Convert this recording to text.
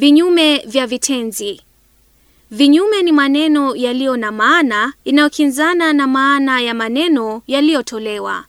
Vinyume vya vitenzi. Vinyume ni maneno yaliyo na maana inayokinzana na maana ya maneno yaliyotolewa.